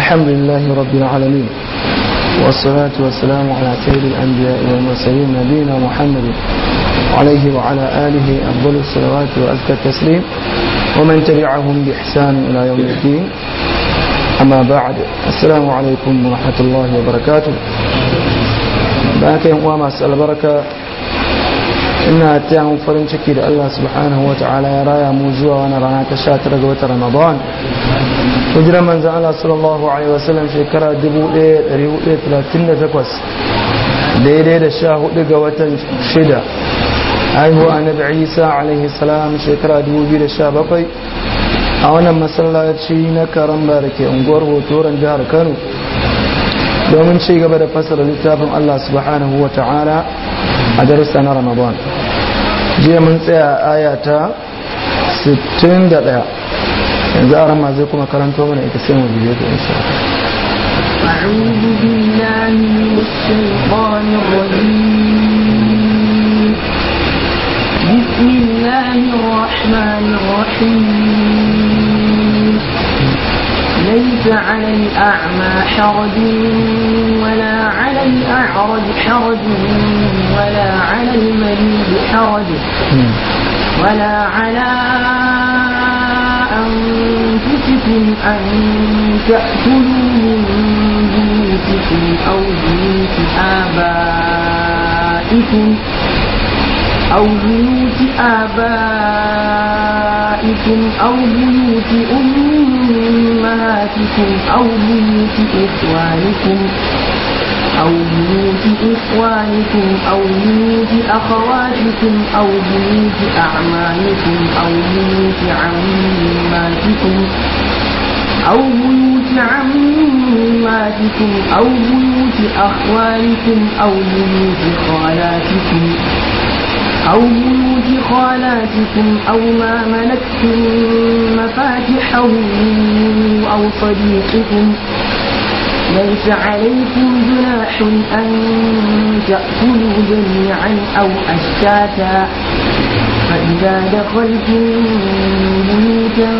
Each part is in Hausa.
الحمد لله رب العالمين والصلاة والسلام على سيد الأنبياء والمرسلين نبينا محمد عليه وعلى آله أفضل الصلوات وأزكى التسليم ومن تبعهم بإحسان إلى يوم الدين أما بعد السلام عليكم ورحمة الله وبركاته باكين وما أسأل بركة ina أتيهم فرن شكيد الله سبحانه وتعالى يرى موزوع ونرى ya رقوة رمضان hijira manzan Allah sallallahu Alaihi wasallam shekara 1438 daidai da sha hudu ga watan shida a annabi isa alaihi salam shekara 2017 a wannan masallaci na karan da ke unguwar hotoron jihar kano domin ci gaba da fasara littafin Allah subhanahu wa ta'ala a darussa na ramadan jiya mun tsaya ayata 61 yanzu أعوذ بالله من الشيطان الرجيم بسم الله الرحمن الرحيم ليس على الأعمى حرج ولا على الأعرج حرج ولا على المريض حرج ولا على لكم أن تأكلوا من بيوتكم أو بيوت آبائكم أو بيوت آبائكم أو بيوت أمهاتكم أو بيوت إخوانكم أو بيوت إخوانكم أو بيوت أخواتكم أو بيوت أعمامكم أو بيوت عماتكم أو بيوت عماتكم أو بيوت أخوالكم أو بيوت خالاتكم أو بيوت خالاتكم أو ما ملكتم مفاتحه أو صديقكم ليس عليكم جناح أن تأكلوا جميعا أو أشتاتا فإذا دخلتم بيوتا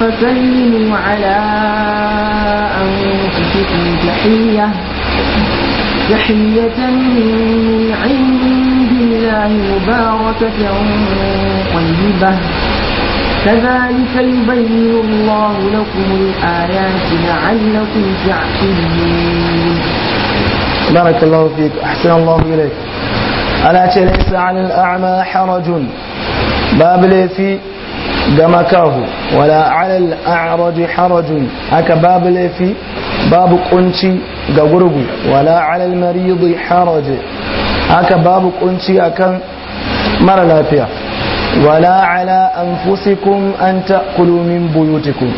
فسلموا على أنفسكم تحية تحية من عند الله مباركة طيبة كذلك يبين الله لكم الآيات لعلكم تعقلون بارك الله فيك أحسن الله إليك ألا تليس على الأعمى حرج باب ليفي دمكاه ولا على الأعرج حرج هكا باب ليفي باب قنشي قبرب ولا على المريض حرج هكا باب قنشي أكن لا فيها ولا على أنفسكم أن تأكلوا من بيوتكم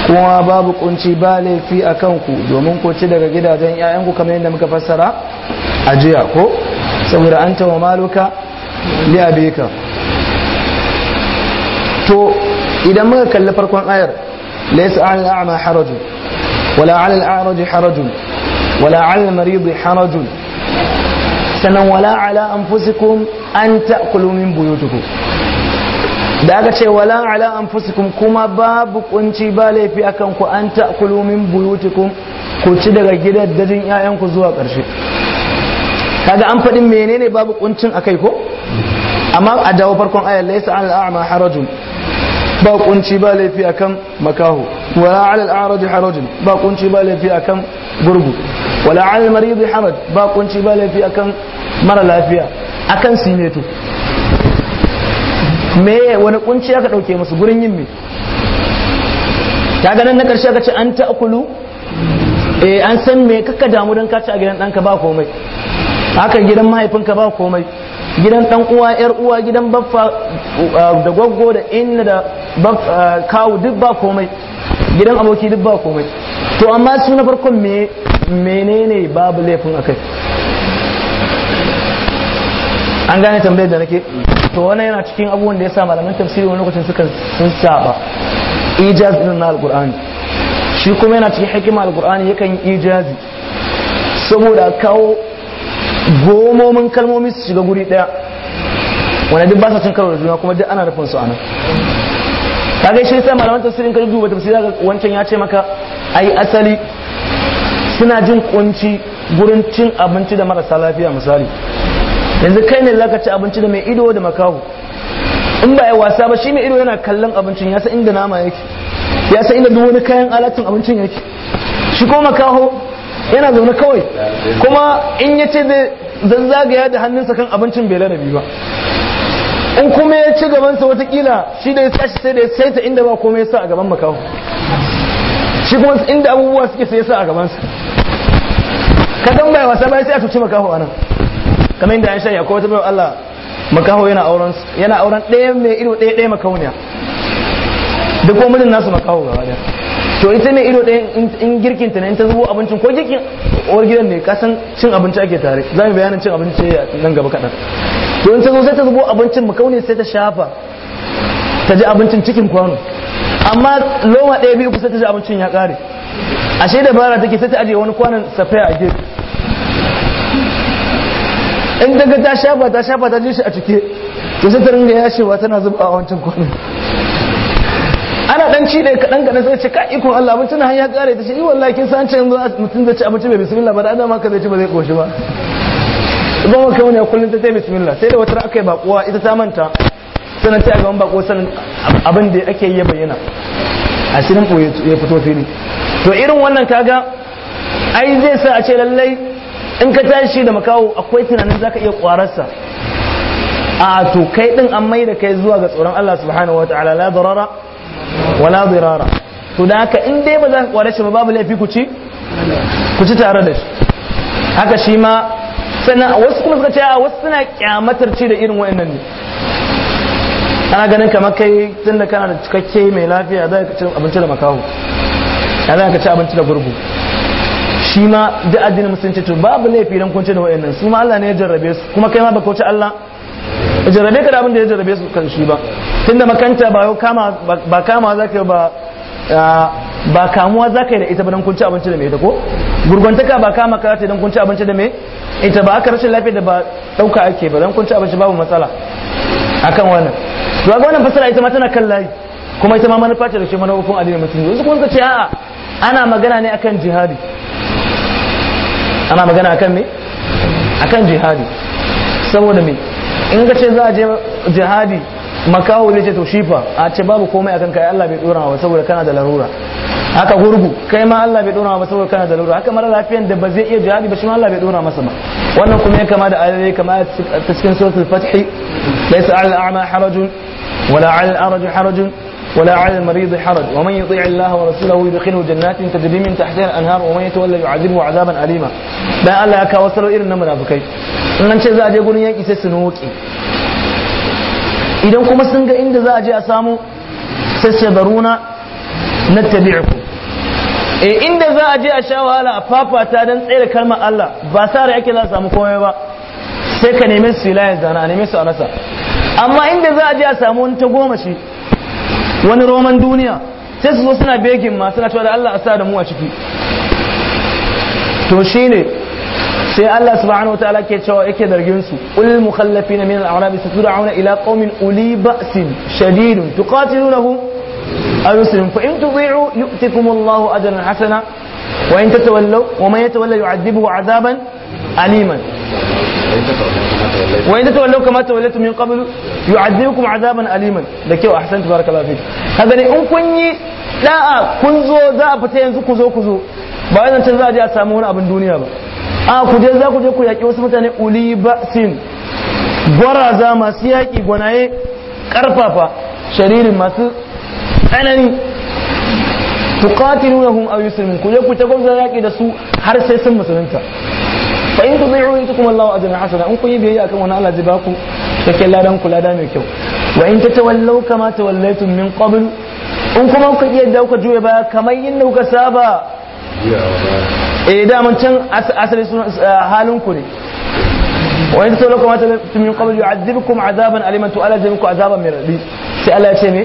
kuma babu kunci ba laifi a kanku domin ku ci daga gidajen 'ya'yanku kamar yadda muka fassara a jiya ko saboda an tawa maluka liyabeka to idan muka kalla farkon ayar laysa 'ala al-a'ma harajun wala 'ala al-a'raj harajun wala 'ala al harajun sanan wala 'ala an ta'kulu min buyutuku da aka ce wala ala anfusikum kuma babu kunci ba laifi akan ku an ta'kulu min ku ci daga gidan dajin yayan ku zuwa ƙarshe kaga an faɗin menene babu kuncin akai ko amma a dawo farkon ayar laysa al a'ma harajun ba kunci ba laifi akan makahu wala ala al-a'raj harajun ba kunci ba laifi akan gurgu wala ala al-marid haraj ba kunci ba laifi akan mara lafiya akan su ne to me wani kunci aka dauke musu gurin yin me ta ganin na karshe aka ce an ta'kulu eh an san me kaka damu dan ka ci a gidan dan ka ba komai haka gidan mahaifinka ba komai gidan dan uwa yar uwa gidan baffa uh, da gwaggo da inna da uh, kawu duk ba komai gidan aboki duk ba komai to amma su na farkon menene babu laifin akai an gane tambayar da nake to wannan yana cikin abubuwan da ya sa malaman tafsiri wani lokacin suka sun saba ijaz din na alqur'ani shi kuma yana cikin hikima alqur'ani yakan ijazi saboda kawo gomomin kalmomi su shiga guri daya wanda duk ba sa cin karo da juna kuma duk ana rufin su anan kaga shi sai malaman tafsirin ka duba tafsiri ga wancan ya ce maka ai asali suna jin kunci gurin cin abinci da marasa lafiya misali yanzu kai ne zaka ci abinci da mai ido da makaho in ba ya wasa ba shi mai ido yana kallon abincin ya san inda nama yake ya san inda duk wani kayan alatin abincin yake shi ko makaho yana zaune kawai kuma in ya ce zan zagaya da hannunsa kan abincin bai larabi ba in kuma ya ci gabansa watakila shi da ya tashi sai da ya saita inda ba komai sa a gaban makaho shi kuma inda abubuwa suke sai ya sa a gabansa ka dan bai wasa bai sai a tuci makaho anan kamar inda an shanya ko wata bayan Allah makaho yana auren yana auren ɗaya mai ido ɗaya ɗaya makauniya da kuma mijin nasu makaho gaba da to ita mai ido ɗaya in girkin ta ne ta zubo abincin ko girkin uwar gidan ne kasan cin abinci ake tare za mu bayanin cin abinci nan gaba kaɗan to in ta zo sai ta zubo abincin makauni sai ta shafa ta ji abincin cikin kwano amma loma ɗaya biyu kusa ta ji abincin ya ƙare ashe dabara take sai ta ajiye wani kwanan safiya a gefe in daga ta shafa ta shafa ta ji shi a cike ta sai ta ringa shewa tana zuba a wancan kwanan ana dan ci da kaɗan kaɗan sai ce ka ikon Allah mutum har hanyar kare ta ce yi eh, wallahi kin san can mutum zai ci abinci mai bismillah ba da adama ka zai ci ba zai koshi ba ba mu kai wani kullum ta ce bismillah sai da wata aka yi bakuwa ita ta manta sanan sai a gaban bako sanan abin da ake yi ya bayyana asirin ko ya fito fili to irin wannan kaga ai zai sa a ce lallai in ka tashi da makaho akwai tunanin zaka iya kwararsa a to kai din an mai da kai zuwa ga tsoron Allah subhanahu ta'ala la darara wala dirara to da haka in dai ba za ka kware shi ba babu laifi ku ci ku ci tare da shi haka shi ma sannan wasu kuma suka ce a wasu suna kyamatar ci da irin wayannan ne ana ganin kamar kai tun kana da cikakke mai lafiya za ka ci abinci da makaho ya za ka ci abinci da gurgu shi ma da addinin musulunci to babu laifi dan kun da wayannan su ma Allah ne ya jarrabe su kuma kai ma baka wuce Allah ya jarrabe ka da abin da ya jarrabe su kan shi ba tunda makanta ba yau kama ba kama zaka ba ba kamuwa zaka yi da ita ba dan kun abinci da me ita ko gurguntaka ba kama ka ta dan abinci da me ita ba aka rashin lafiya da ba dauka ake ba dan kun abinci babu matsala akan wannan to ga wannan fasara ita ma tana kan layi kuma ita ma manufa ce da shi manufofin addinin musulunci wasu kun ce a'a ana magana ne akan jihadi ana magana akan me akan jihadi saboda me in ka ce za a je jihadi makaho ne ce to shifa a ce babu komai akan kai Allah bai dora wa saboda kana da larura haka gurgu kai ma Allah bai dora wa saboda kana da larura haka mara lafiyan da ba zai iya jihadi ba shi ma Allah bai dora masa ba wannan kuma ya kama da ayoyi kama ta cikin suratul fath laysa al a'ma harajun wala al harajun ولا على المريض حرج ومن يطيع الله ورسوله يدخله جنات تجري من تحتها الانهار ومن يتولى يعذبه عذابا اليما dan Allah ya kawo salo irin na munafikai in ce za a je gurin yaki sai su noki idan kuma sun ga inda za a je a samu sai su baruna na tabi'ku e eh, inda za a je a sha wahala a fafata dan tsere kalmar Allah ba sa ra yake za a samu komai ba sai ka neme su filayen zana a neme su anasa. amma inda za a je a samu wani ta goma shi wani roman duniya sai su zo suna begin ma suna cewa da Allah a sa da mu a ciki to shine sai Allah subhanahu wataala ke cewa yake dargin su ulil mukhallafina min al-a'rab satud'una ila qaumin uli ba'sin shadidun tuqatilunahum aw yusrim fa in tudi'u yu'tikum Allahu ajran hasana wa in tatawallaw wa man yatawalla yu'adhibuhu 'adaban aliman wa in tatawallaw kama tawallatu min qablu yu'adhibukum azaban aliman da kyau ahsanta barakallahu fik kaga ne in kun yi da'a kun zo za a fita yanzu ku zo ku zo ba wai tun za a je a samu wani abin duniya ba a ku je za ku je ku yaƙi wasu mutane uli ba'sin gwaraza masu yaƙi gwanaye ƙarfafa sharirin masu tsanani tuqatilunahum aw yuslimun ku je ku ta gwamza yaƙi da su har sai sun musulunta fa in tudi'u yutikum Allahu ajran hasana in kun yi biyayya kan wani Allah zai ba ku cikakken ladan ku lada mai kyau wa in tatawallaw kama tawallaytum min qabl in kuma kuka iya da kuka juya baya kamar yadda kuka saba eh daman can asali eh, halin ku ne wa in tatawallaw kama tawallaytum min qabl yu'adhibukum 'adaban aliman tu'ala jabikum 'adaban min rabbi sai Allah ya ce me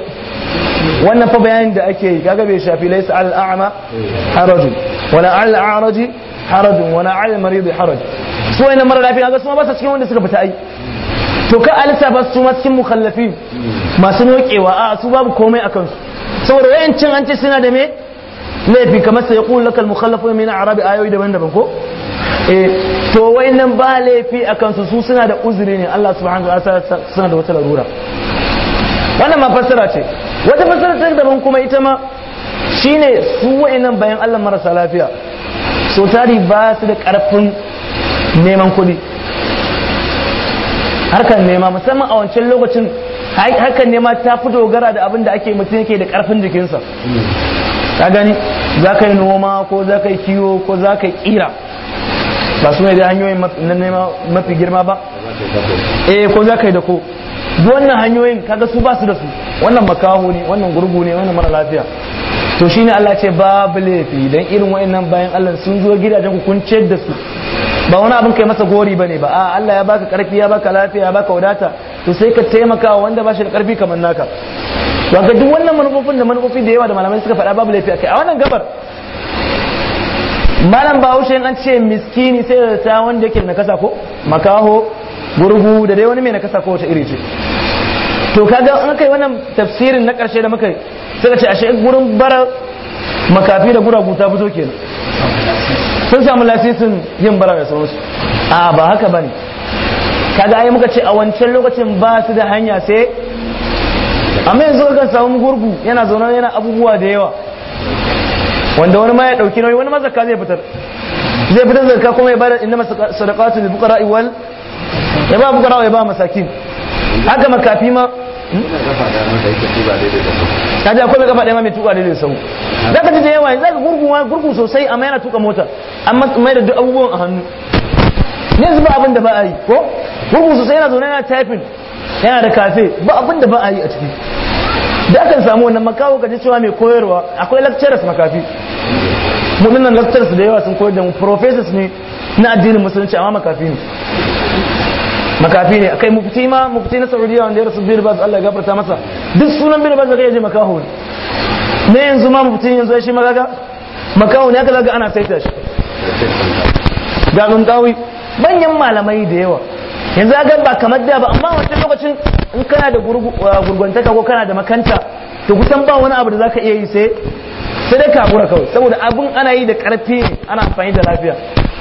wannan fa bayanin da ake yi kaga bai shafi laysa al-a'ma harajun wala al-a'raji harajun wani alal marid haraj su wayannan mara lafiya ga su ma ba cikin wanda suka fita ai to ka alisa ba su ma cikin mukallafi masu nokewa a su babu komai akan su saboda wayancin an ce suna da me laifi kamar sai ya yaqulu lakal mukhallafu min arabi ayoyi daban-daban ko eh to wayannan ba laifi akan su su suna da uzuri ne Allah subhanahu wa ta'ala suna da wata larura wannan ma fassara ce wata fassara ta daban kuma ita ma shine su wayannan bayan Allah marasa lafiya so tari ba su da karfin neman kuɗi harkar nema musamman a wancan lokacin harkar nema ta fi dogara da abin da ake mutum yake da karfin jikinsa ka gani za ka yi noma ko za ka yi kiwo ko za ka yi kira ba su mai da hanyoyin na nema mafi girma ba eh ko za ka yi da ko wannan hanyoyin kaga su ba su da su wannan makaho ne wannan gurgu ne wannan mara lafiya to shine Allah ce babu laifi dan irin wayannan bayan Allah sun zo gidajen ku kun ce da su ba wani abin kai masa gori bane ba a Allah ya baka karfi ya baka lafiya ya baka wadata to sai ka taimaka wanda ba shi da karfi kamar naka to ga duk wannan manufofin da manufofi da yawa da malamai suka faɗa babu laifi akai a wannan gabar malam bahaushe an ce miskini sai da ta wanda yake nakasa ko makaho gurgu da dai wani mai nakasa ko wata iri ce to kaga an kai wannan tafsirin na karshe da muka suka ce ashe gurin barar makafi da guragu ta fito kenan sun samu lasisin yin bara mai sauransu a ba haka ne kaga ai muka ce a wancan lokacin ba su da hanya sai amma yanzu kan samu gurgu yana zaune yana abubuwa da yawa wanda wani ma ya dauki nauyi wani ma zai fitar zai fitar zakka kuma ya bada inna sadaqatu lil fuqara wal ya ba fuqara ya ba masakin haka makafi ma kaji akwai mai kafa ɗaya mai tuka daidai sau ah. za ka ji da yawa za ka gurguwa gurgu sosai amma yana tuka mota amma mai da duk abubuwan a hannu ne zuba abin da ba a yi ko gurgu sosai yana zaune yana typing yana da kafe ba abin da ba a yi a ciki da akan samu wannan makawo ka ji cewa mai koyarwa akwai lecturers makafi mu dinnan lecturers da yawa sun koyar da mu professors ne na addinin musulunci amma makafi ne makafi ne kai mufti ma mufti na Saudiya wanda ya rasu bin su Allah ya gafarta masa duk sunan bin ba su kai je makaho ne ne yanzu ma mufti yanzu shi makaka makaho ne aka zaga ana saita shi ga gungawi banyan malamai da yawa yanzu ga ba kamar da ba amma wancan lokacin in kana da gurguntaka ko kana da makanta to kusan ba wani abu da zaka iya yi sai sai dai kabura kawai saboda abun ana yi da karfi ana amfani da lafiya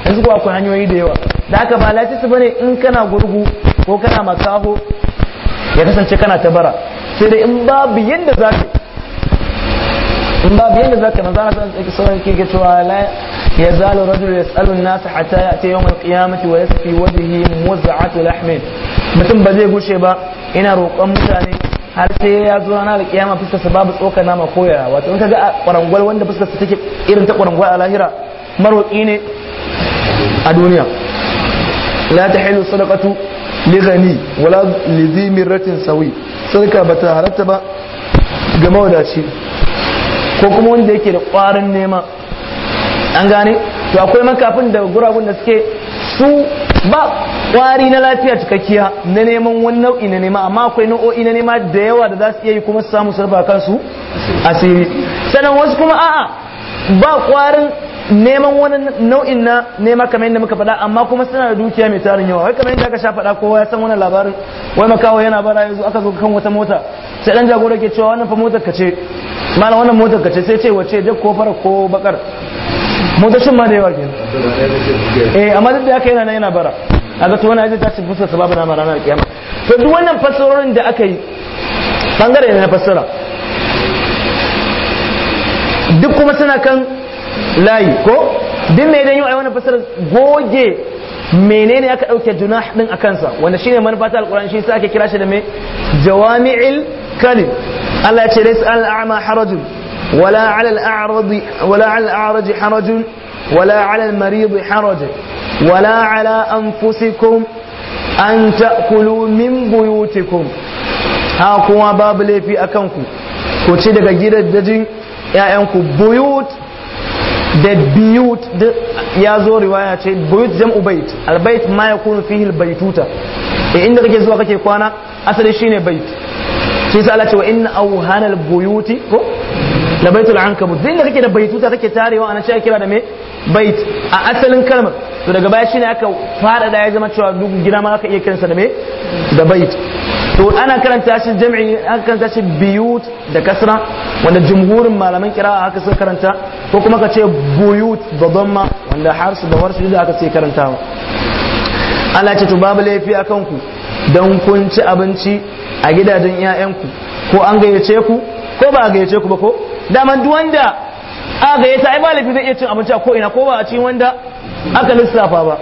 yanzu ko akwai hanyoyi da yawa da haka ba latisi bane in kana gurgu ko kana makaho ya kasance kana tabara bara sai dai in babu yanda za ka in babu yanda za ka manzo Allah sallallahu alaihi ke yake cewa la zalu rajul yasalu an-nas hatta ya'ti yawm al-qiyamati wa yasfi wajhihi muz'atu lahmin mutum ba zai gushe ba ina roƙon mutane har sai ya zo ranar da fuskar sa babu tsoka nama koyara wato in kaga kwarangwal wanda fuskar sa take irin ta kwarangwal a lahira maroƙi ne a duniya la ta hilu sadaqatu li ghani wala li ratin mirratin sawi ba ta halatta ba ga mawadaci ko kuma wanda yake da kwarin nema an gane to akwai makafin da guragun da suke su ba kwari na lafiya cikakkiya na neman wani nau'i na nema amma akwai nau'o'i na nema da yawa da za su iya yi kuma su samu sarfa kansu asiri sannan wasu kuma a'a ba kwarin neman wani nau'in na nema kamar yadda muka faɗa amma kuma suna da dukiya mai tarin yawa wai kamar yadda aka sha faɗa kowa ya san wannan labarin wai makawo yana bara yanzu aka zo kan wata mota sai dan jagora ke cewa wannan fa motar ka ce malam wannan motar ka ce sai ce wace duk ko fara ko bakar motocin ma da yawa kenan eh amma duk da haka yana yana bara a ga wani aje ta ci fusa sababu na ranar kiyama to duk wannan fassarorin da aka yi bangare na fassara duk kuma suna kan layi ko duk mai dan yi wani fasara goge menene aka dauke junah din a kansa wanda shine manufa ta alqur'ani shi ake kira shi da me jawami'il kalim Allah ya ce laysa al-a'ma harajun wala 'ala al-a'rad wala 'ala al-a'raj harajun wala 'ala al-marid haraj wala 'ala anfusikum an ta'kulu min buyutikum ha kuma babu laifi akan ku ku ci daga dajin 'ya'yanku buyut da biyut ya zo riwaya ce buyut jam'u bait albayt ma yakunu fihi albaytuta e inda kake zuwa kake kwana asali shine bait sai sai Allah ce wa inna awhana albuyuti ko la baitul ankabut inda kake da baituta kake tarewa ana cewa kira da me bait a asalin kalmar to daga baya shine aka fada da ya zama cewa duk gida ma aka iya kiransa da me da bait to ana karanta shi jam'i an karanta shi biyut da kasra wanda jumhurin malaman kira'a haka sun karanta ko kuma ka ce buyut da dhamma wanda harsu da warsu da aka ce karantawa Allah ce to babu laifi a kanku don kun ci abinci a gidajen 'ya'yanku ko an gayyace ku ko ba a gayyace ku ba ko dama duk wanda a gayyata ai ba laifi zai iya cin abinci a ko ina ko ba a cikin wanda aka lissafa ba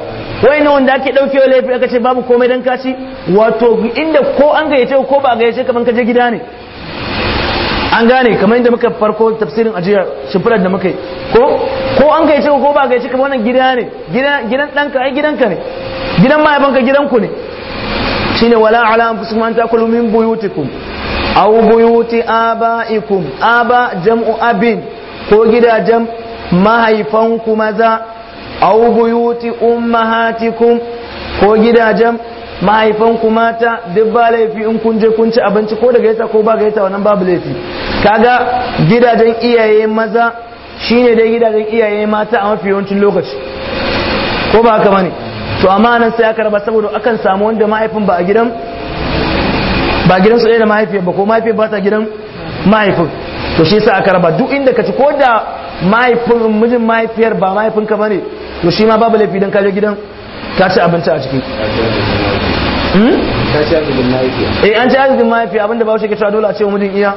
wai na wanda ake wa laifi aka ce babu komai don kaci wato inda ko an gayyace ko ba gayyace kamar kaje gida ne an gane kamar inda muka farko tafsirin ajiya shimfirar da muka yi ko ko an gayyace ko ba gayyace kamar wannan gida ne gidan ɗanka ai gidanka ne gidan mahaifanka gidanku ne shine wala ala anfusikum an takulu min buyutikum aw buyuti abaikum aba jam'u abin ko gidajen mahaifanku maza aw buyuti ummahatikum ko gidajen mahaifan ku mata duk ba laifi in kun je kun ci abinci ko da yasa ko ba yasa wannan babu laifi kaga gidajen iyaye maza shine dai gidajen iyaye mata a mafi yawancin lokaci ko ba haka bane to amma nan sai aka raba saboda akan samu wanda mahaifin ba a gidan ba gidan su da mahaifiyar ba ko mahaifiyar ba ta gidan mahaifin to shi yasa aka raba duk inda ka ci ko da mahaifin mijin mahaifiyar ba mahaifinka bane to shi ma babu laifi don kaje gidan ta ci abinci a ciki hmm? eh an ci arzikin mahaifiya abinda ba ke cewa dole a ce mudin iya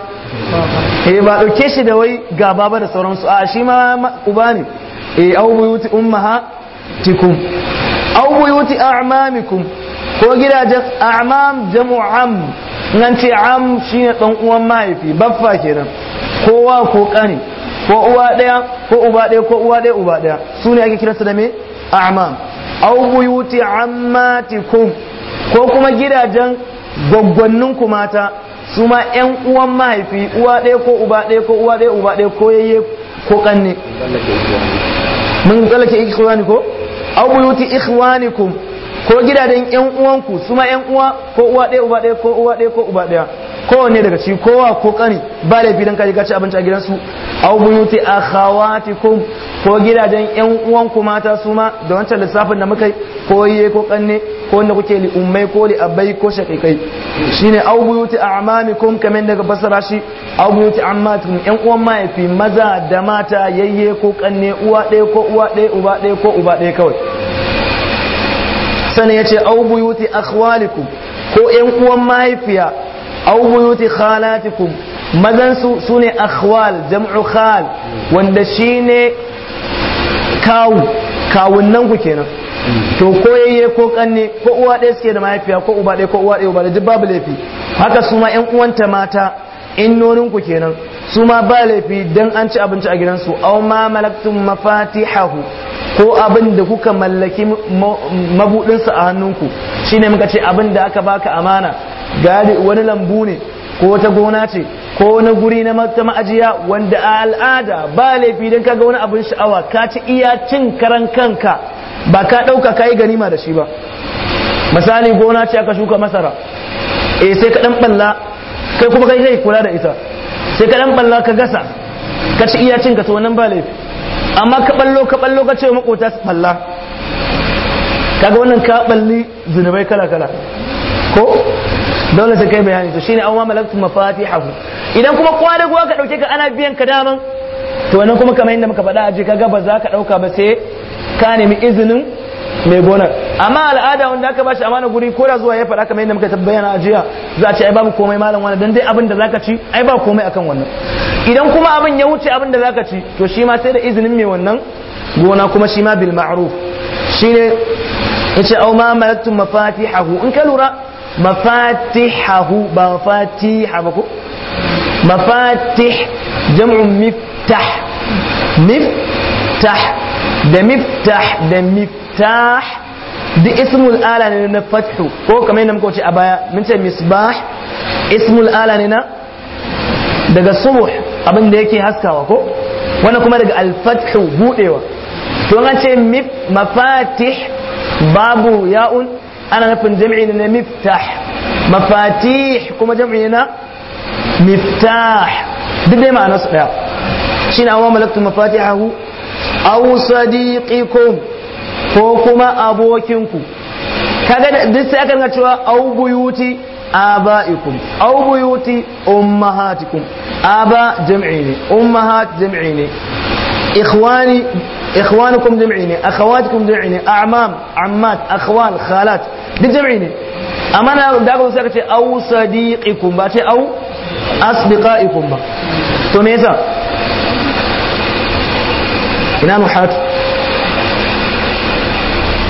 eh ba dauke shi da wai ga ba da sauransu a shi ma uba ne eh au buyuti ummahatikum au buyuti a'mamikum ko gidajen a'mam jamu am nan ce am shine dan uwan mahaifi baffa kenan kowa ko kani ko uwa daya ko uba daya ko uwa daya uba daya su ne ake kiransu da me a'mam aw buyuti ammatikum ko kuma gidajen gwaggwannin mata su ma yan uwan mahaifi uwa daya ko uba daya ko uwa daya uba daya ko yayye ko kanne mun tsallake ikhwani ko aw buyuti ikhwanikum ko gidajen yan uwanku su ma yan uwa ko uwa daya uba daya ko uwa daya ko uba daya kowane daga ciki kowa ko kani ba laifi ka kaji gaci abinci a gidansu aw buyuti akhawatikum ko gidajen yan uwan ku mata su ma da wancan lissafin da muka ko yiye ko kanne ko wanda kuke li ummai ko li abai ko shaqiqai shine a buyuti amamikum kamen daga basara shi aw buyuti ammatikum yan uwan mahaifi maza da mata yayye ko kanne uwa ɗaya ko uwa ɗaya uba ɗaya ko uba ɗaya kawai sannan yace a buyuti akhwalikum ko yan uwan mahaifiya aw buyuti khalatikum mazan su sune akhwal jam'u khal wanda shine kawu kawunnan ku kenan to ko yayye ko kanne ko uwa ɗaya suke da mahaifiya ko uba ɗaya ko uwa ɗaya uba da babu laifi haka su ma ƴan uwanta mata in nonin ku kenan su ma ba laifi don an ci abinci a gidansu au ma mafati hahu ko abin da kuka mallaki mabudinsa a hannunku shine muka ce abin da aka baka amana gari wani lambu ne ko wata gona ce ko wani guri na mata ma'ajiya wanda a al'ada ba laifi dan kaga wani abin sha'awa ka ci iya cin karan kanka ba ka dauka yi ganima da shi ba misali gona ce aka shuka masara eh sai ka ɗan balla kai kuma kai zai kula da ita sai ka dan balla ka gasa ka ci iya cin ka to wannan ba laifi amma ka ballo ka ballo ka ce makota su falla kaga wannan ka balli zinubai kala kala ko dole sai kai bayani to shine awwa malaktu mafatihahu idan kuma kwadago ka dauke ka ana biyan ka daman to wannan kuma kamar inda muka faɗa aje kaga ba za ka dauka ba sai ka nemi izinin mai gonar amma al'ada wanda aka bashi amana guri ko da zuwa ya faɗa kamar yadda muka tabbayana a jiya za a ce ai babu komai malam wannan dan dai abin da zaka ci ai ba komai akan wannan idan kuma abin ya wuce abin da zaka ci to shi ma sai da izinin mai wannan gona kuma shi ma bil ma'ruf shine yace au ma malaktum mafatihahu in ka lura mafatihahu ba mafatiha ba ko mafatih jam'u miftah miftah da miftah da miftah miftah duk ismul ala ne na fathu ko kamar yadda muka a baya mun ce misbah ismul ala ne na daga subuh abin da yake haskawa ko wani kuma daga alfathu budewa to an ce mafatih babu ya'un ana nufin jam'i ne na miftah mafatih kuma jam'i ne na miftah duk dai ma'anar su daya shine amma malaktu mafatihahu aw sadiqikum ko kuma abokinku kaga duk sai aka ga cewa au abaikum au ummahatikum aba jam'i ne ummahat jam'i ne ikhwani ikhwanukum jam'i ne akhawatukum jam'i ne a'mam ammat akhwal khalat duk jam'i ne amma na da aka sai ka ce aw sadiqikum ba ce aw asdiqaikum ba to me yasa ina muhat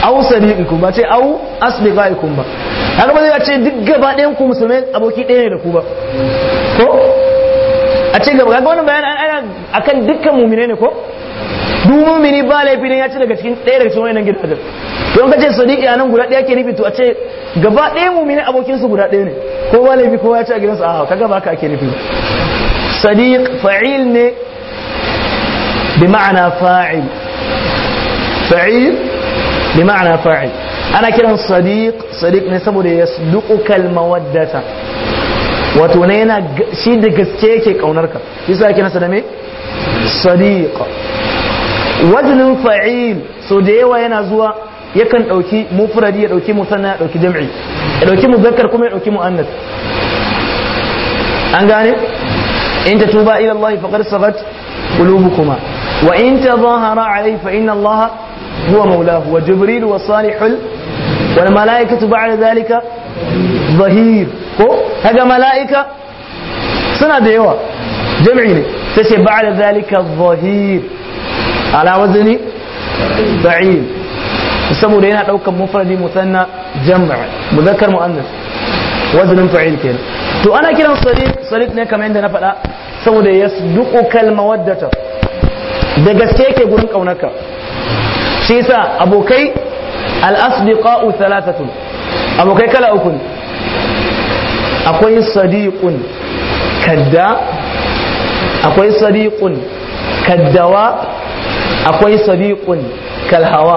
au sadiqikum ba ce au asbiqaikum ba haka ba zai ce duk gaba ɗayan ku musulmai aboki ɗaya ne da ku ba ko a ce gaba ga wannan bayan ana akan dukkan mumine ne ko duk mumini ba laifi ne ya ci daga cikin ɗaya daga cikin wannan gidajen to an kace ya nan guda ɗaya ke nufi to a ce gaba ɗayan mumine abokin su guda ɗaya ne ko ba laifi ko ya ci a gidansu a kaga ba ka ake nufi sadiq fa'il ne bi ma'ana fa'il fa'il bi ma'ana fa'il ana kiran sadiq sadiq ne saboda yasduquka almawaddata wato ne yana shi da gaske yake kaunar ka yasa yake nasa da me sadiq wajnin fa'il so da yawa yana zuwa yakan dauki mufradi ya dauki musanna ya dauki jam'i ya dauki muzakkar kuma ya dauki muannas an gane in tatuba ila Allah faqad sagat qulubukuma wa in tadhahara alayhi fa inna Allah huwa maulahu wa jibril wa salihul wal mala'ikatu ba'da zalika zahir ko kaga mala'ika suna da yawa jam'i ne sai ce ba'da ala wazni fa'il saboda yana daukan mufradi musanna jam'a mudhakkar muannas wazanin fa'il kenan to ana kiran sadiq sadiq ne kamar yadda na faɗa saboda duk ukal waddata da gaske ke gurin kaunarka shi yasa abokai al-asdiqa'u thalathatun abokai kala uku akwai sadiqun kadda akwai sadiqun kaddawa akwai sadiqun kalhawa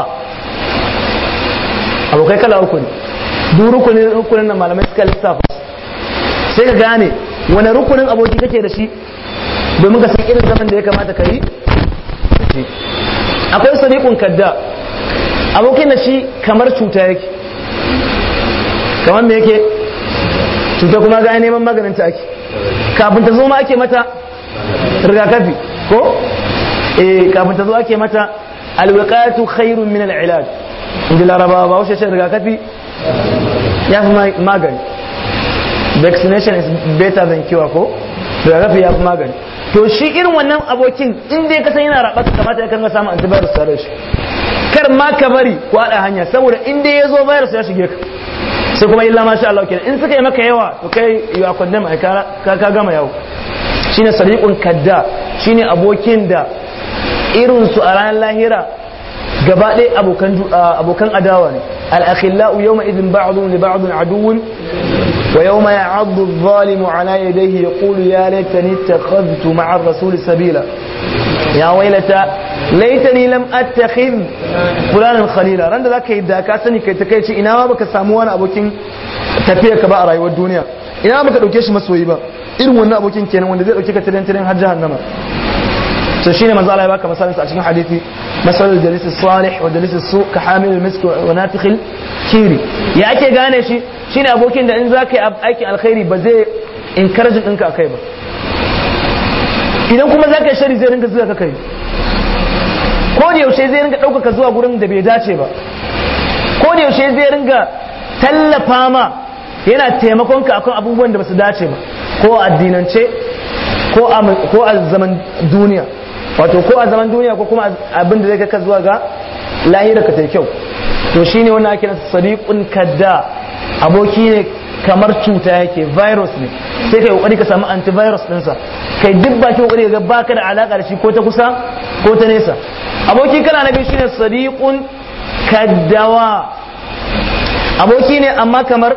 abokai kala uku duk rukunin rukunin na malamai suka lissafa sai ka gane wani rukunin aboki kake da shi domin ka san irin zaman da ya kamata ka yi akwai sadiqun kadda abokin da shi kamar cuta yake kamar me yake cuta kuma ga neman maganin ta ake kafin ta zo ma ake mata rigakafi ko eh kafin ta zo ake mata alwiqatu khairun min alilaj inda laraba ba wace ce rigakafi ya fi magani vaccination is better than cure ko rigakafi ya fi magani to shi irin wannan abokin in dai ka san yana raba ka kamata ya kanga samu antivirus sare shi kar ma ka bari ku hada hanya saboda in dai ya zo virus ya shige ka sai kuma illa masha Allah kenan in suka yi maka yawa to kai you are condemned ka ka gama yawo shine sadiqun kadda shine abokin da irin su a ranar lahira gaba ɗaya abokan adawa ne al-akhillau yawma idin ba'dhum li ba'dhin aduwwun ويوم يعض الظالم على يديه ya يا ليتني اتخذت مع الرسول سبيلا يا ويلتا laitani lam attakhid fulanan khalila ran da zaka yi da ka sani kai takeici ina ma baka samu wani abokin tafiya ka ba a rayuwar duniya ina baka dauke shi masoyi ba irin wannan abokin kenan wanda zai dauke ka tirin tirin har jahannama to shine manzo Allah ya baka misalin sa a cikin hadisi masalul jalis salih wa jalis su ka hamil misk wa natikhil kiri ya ake gane shi shine abokin da in zaka yi aikin alkhairi ba zai encourage ɗinka akai ba idan kuma zaka yi shari zai ringa zuwa ka kai ko da yaushe zai ringa ɗaukaka zuwa gurin da bai dace ba ko da yaushe zai ringa tallafa ma yana taimakon ka akan abubuwan da ba su dace ba ko a addinance ko a zaman duniya wato ko a zaman duniya ko kuma abin da zai ka zuwa ga lahira ka kyau to shine wannan ake nasa sadiqun kadda aboki ne kamar cuta yake virus ne sai kai kokari ka samu antivirus dinsa kai duk bakin kokari ga baka da alaka da shi ko ta kusa ko ta nesa aboki kana na biyu shine sadiqun kaddawa aboki ne amma kamar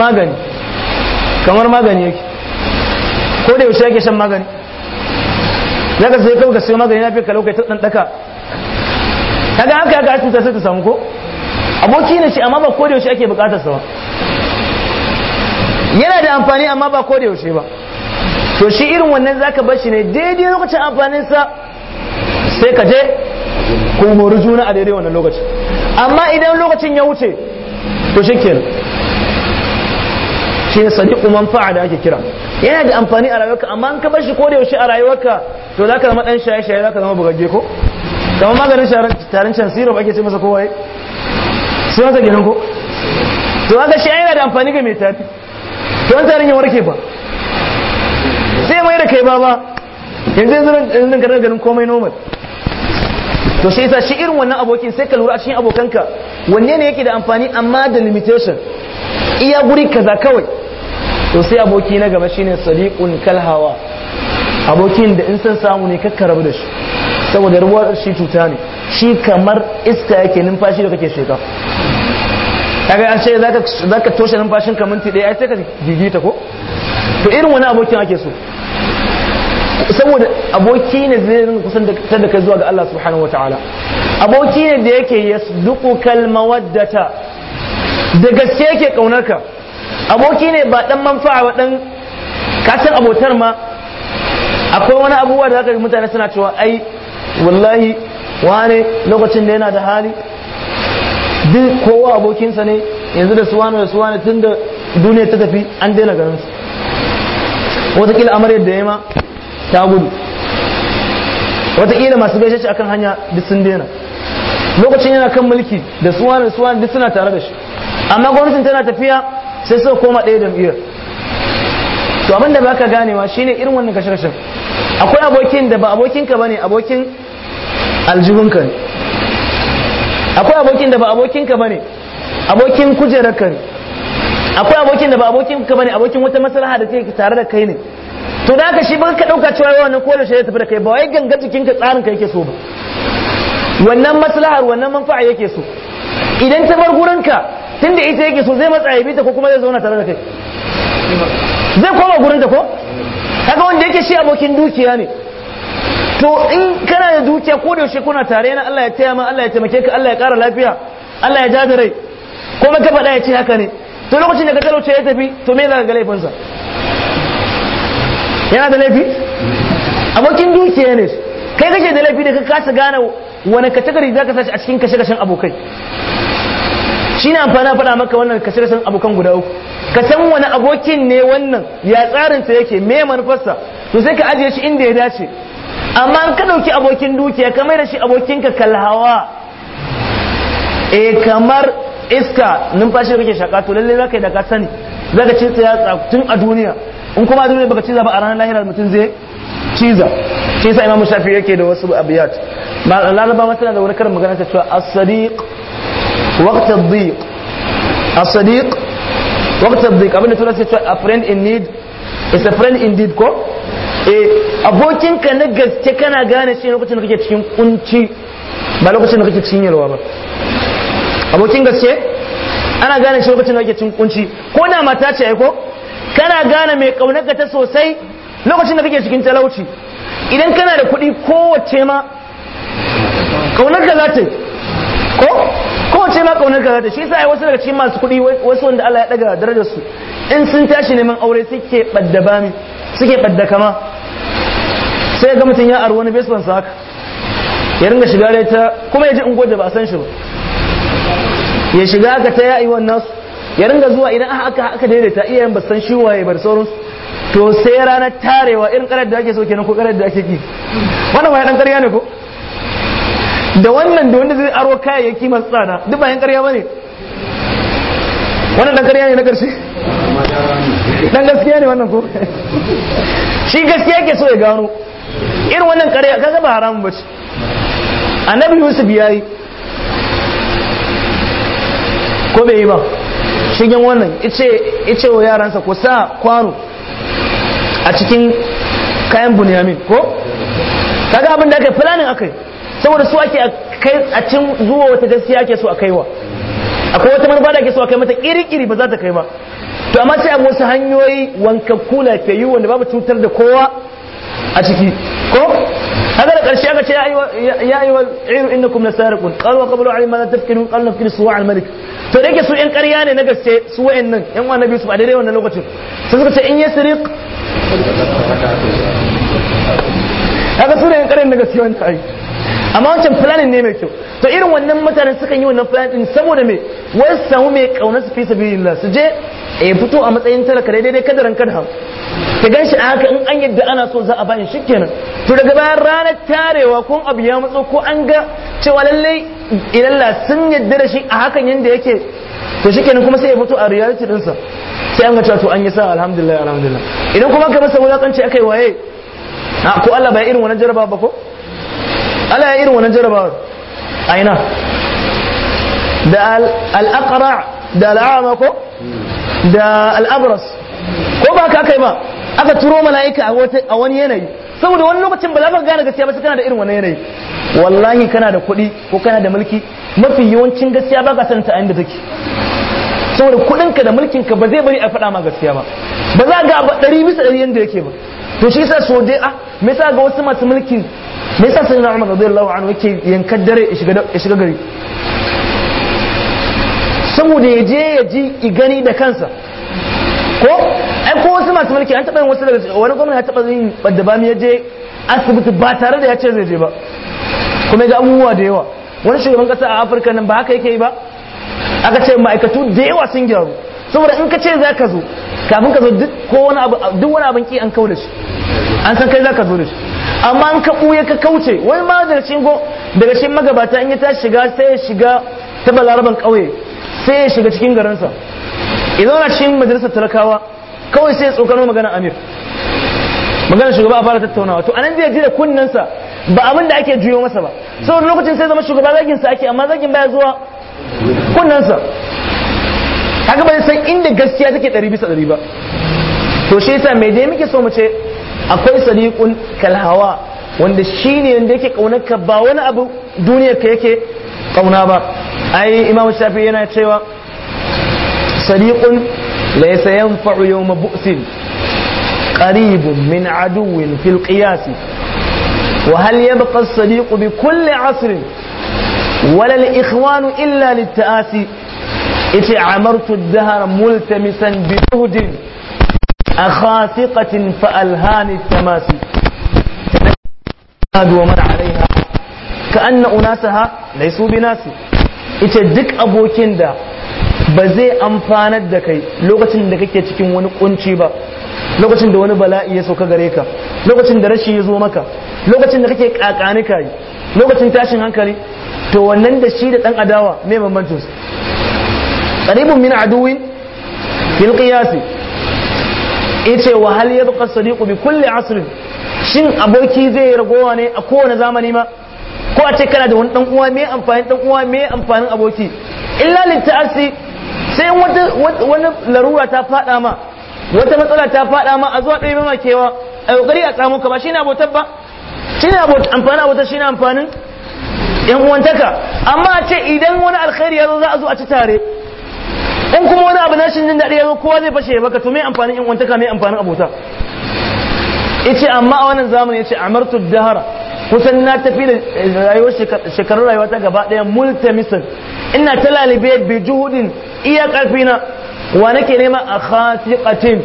magani kamar magani yake ko da yaushe yake shan magani za ka sai kawai ka sayo magani na fi kalau kai ta dan daka kaga haka ya ga cuta sai ta samu ko aboki ne shi amma ba ko da yaushe ake bukatar sa ba yana da amfani amma ba ko da yaushe ba to shi irin wannan zaka bar shi ne daidai lokacin amfanin sa sai ka je ku mori juna a daidai wannan lokacin amma idan lokacin ya wuce to shi kenan shi ne sadiqu manfa'a da ake kira yana da amfani a rayuwarka amma an ka bar shi ko da yaushe a rayuwarka to za ka zama ɗan shaye-shaye za ka zama bugagge ko kamar maganin tarin can sirop ake ce masa kowaye sai wata ginin ko to haka shi yana da amfani ga mai tafi to an tarin ya warke ba sai mai da kai ba ba yanzu yanzu ka ganin komai nomad to sai yasa shi irin wannan abokin sai ka lura a cikin abokanka wanne ne yake da amfani amma da limitation iya guri kaza kawai to sai aboki na gaba shine sadiqun kalhawa abokin da in san samu ne kakka rabu da shi saboda rabuwar shi cuta ne shi kamar iska yake numfashi da kake sheka kaga an ce za ka toshe numfashin ka minti ɗaya sai ka gigita ko to irin wani abokin ake so saboda aboki ne zai rinka kusan da kai zuwa ga Allah subhanahu wataala aboki ne da yake yasduqu kal mawaddata da gaske yake kaunar ka aboki ne ba dan manfa'a ba dan kasan abotar ma akwai wani abubuwa da zaka mutane suna cewa ai wallahi wane lokacin da yana da hali duk kowa abokinsa ne yanzu da suwana da suwana tun da duniya ta tafi an daina garin su watakila amar yadda ya ma ta gudu watakila masu gaishe shi akan hanya duk sun daina lokacin yana kan mulki da suwana da suwane duk suna tare da shi amma gwamnatin tana tafiya sai suka koma ɗaya da jam'iyyar to abinda ba ka ganewa shine irin wannan kashe-kashen akwai abokin da ba abokinka bane abokin aljihunka ne akwai abokin da ba abokinka bane abokin kujerarka ne akwai abokin da ba abokinka bane abokin wata maslaha da take tare da kai ne to da aka shi ba ka dauka cewa wannan kola shi zai tafi da kai ba wai ganga jikinka tsarin ka yake so ba wannan maslahar wannan manfa'a yake so idan ta bar gurinka tunda ita yake so zai matsa ya ta ko kuma zai zauna tare da kai zai koma gurinta ko kaga wanda yake shi abokin dukiya ne to in kana da dukiya ko da yaushe kuna tare na Allah ya taya ma Allah ya taimake ka Allah ya kara lafiya Allah ya ja rai ko ka faɗa ya ce haka ne to lokacin da ka talauce ya tafi to me za ka ga laifinsa yana da laifi abokin dukiya ne kai kake da laifi da ka kasa gane wani katagari za ka sashi a cikin kashe-kashen abokai shi ne amfani a faɗa maka wannan ka san abokan guda uku kasan san wani abokin ne wannan ya tsarinsa yake me manufarsa to sai ka ajiye shi inda ya dace amma an ka ɗauki abokin dukiya ka mai da shi ka kalhawa e kamar iska numfashi kake shaka to lallai zaka yi da ka sani zaka ci tsaya tun a duniya in kuma a duniya baka ciza ba a ranar lahira mutum zai ciza shi yasa imamu shafi yake da wasu abiyat laraba ma masana da wani karin magana ta cewa as-sadiq waqt ad-dhiq as-sadiq waqt ad-dhiq abinda tunan sai a friend in need is a friend indeed ko eh abokinka na gaske kana gane shi lokacin da kake cikin kunci ba lokacin da kake cikin yalwa ba abokin gaske ana gane shi lokacin da kake cikin kunci ko na mata ce ai ko kana gane mai kaunarka ta sosai lokacin da kake cikin talauci idan kana da kuɗi kowace ma kaunarka za ta yi ko kowace ma kaunar kaza ta shi yasa wasu daga cikin masu kuɗi wasu wanda Allah ya daga darajar su in sun tashi neman aure suke badda bami suke badda kama sai ga mutum ya aro wani baseball sa haka ya ringa shiga dai ta kuma ya ji ungo da ba san shi ba ya shiga haka ta yayi wannan ya ringa zuwa idan aka aka daidaita iyayen ba san shi waye bar sauransu to sai rana tarewa irin karar da ake so kenan ko karar da ake ki wannan wani dan ƙarya ne ko da wannan da wanda zai aro kayayyaki masu tsada duk bayan karya ba ne wannan dan karya ne na ƙarshe dan gaskiya ne wannan ko shi gaskiya ke so ya gano irin wannan karya kaga ba haramun ba ce annabi yusuf ya yi ko bai yi ba shigin wannan ice wa yaransa ko sa kwano a cikin kayan bunyamin ko kaga abin da aka yi fulani aka yi saboda su ake a cin zuwa wata gaskiya ake so a kaiwa akwai wata manufa da ake so a kai mata kirikiri ba za ta kai ba to amma sai a wasu hanyoyi wanka kula ke yi wanda babu cutar da kowa a ciki ko haka da karshe aka ce ya yi ayyuwa iru innakum nasarikun qalu wa qablu alim ma tafkirun na nafkir suwa al malik to da yake su yan karya ne na gaske su nan yan wa nabi su a daidai wannan lokacin sai suka ce in siri haka su da yan karya na gaske wani ai amma wancan planning ne mai kyau to irin wannan mutanen sukan yi wannan planning saboda me wai samu mai kauna su fi sabilillah su je ya eh, fito a matsayin talaka daidai kadaran kadha ka gan shi haka in an yadda ana so za a bayan shi kenan to daga bayan ranar tarewa ko abu ya matso ko an ga cewa lallai ilalla sun yadda da shi a hakan yanda yake to shi kenan kuma sai ya fito a reality dinsa sai an ga cewa to an yi sa alhamdulillah alhamdulillah idan kuma ka masa wulakanci akai waye ko Allah bai irin wani jaraba ba ko Ala ya irin wannan jarabawa a ina da al'aqra da al'ama ko da ko ba ka kai ba aka turo mala'ika a wani yanayi saboda wani lokacin ba za ka gane gaskiya ba sai kana da irin wannan yanayi wallahi kana da kuɗi ko kana da mulki mafi yawancin gaskiya ba ka santa inda take saboda kuɗinka da mulkin ka ba zai bari a faɗa ma gaskiya ba ba za ga ɗari bisa ɗari yanda yake ba to shi yasa dai ah me yasa ga wasu masu mulki me yasa sai Umar radiyallahu anhu yake yankar dare ya shiga gari saboda ya je ya ji i gani da kansa ko ai ko wasu masu mulki an taba yin wasu daga wani gwamnati ya taɓa yin badda ya je asibiti ba tare da ya ce zai je ba kuma ga abubuwa da yawa wani shugaban kasa a afirka nan ba haka yake ba aka ce ma'aikatu da yawa sun gyaru saboda in ka ce za ka zo kafin ka zo duk wani abin ki an kau da shi an san kai za ka zo da shi amma an ka buye ka kauce wani ma daga cikin daga cikin magabata in ya ta shiga sai ya shiga ta balaraban ƙauye sai ya shiga cikin sa idan na cikin majalisar talakawa kawai sai ya tsokano magana amir magana shugaba a fara tattaunawa to anan zai jira da sa ba abin da ake juyo masa ba saboda lokacin sai zama shugaba zagin sa ake amma zagin baya zuwa sa kaga ba san inda gaskiya take ɗari bisa ɗari ba to shi yasa me dai muke so mu ce akwai sadiqun kalhawa wanda shine wanda yake ka ba wani abu duniyar ka yake kauna ba ai imam shafi yana cewa sadiqun laysa yanfa'u yawma bu'sin qaribun min aduwin fil qiyas wa hal yabqa as-sadiq bi kulli 'asrin ولا الإخوان إلا للتآسي ita amartu dahar multamisan bi zuhdin a khasiqatin fa alhani tamasi wa man alaiha ka anna unasaha laysu binasi ita duk abokin da ba zai amfanar da kai lokacin da kake cikin wani kunci ba lokacin da wani bala'i ya sauka gare ka lokacin da rashi ya zo maka lokacin da kake kakani kai lokacin tashin hankali to wannan da shi da dan adawa me bambancin qaribun min aduwin fil qiyasi yace wa hal yabqa sadiqu bi kulli asrin shin aboki zai ragowa ne a kowane zamani ma ko a ce kana da wani dan uwa me amfanin dan uwa me amfanin aboki illa sai wata wani larura ta fada ma wata matsala ta fada ma a zuwa ɗaya mama kewa a kokari a tsamo ka ba shine abotar ba shine amfanin abotar shine amfanin yan uwantaka amma a ce idan wani alkhairi ya zo za a zo a ci tare in kuma wani abu na shi jin daɗi ya zo kowa zai fashe baka to mai amfanin in wantaka mai amfanin abota yace amma a wannan zamani yace amartu dahara kusan na tafi da rayuwar rayuwa ta gaba ɗaya multimisan ina ta lalibe bi juhudin iya ƙarfi na wa nake nema a khatiqatin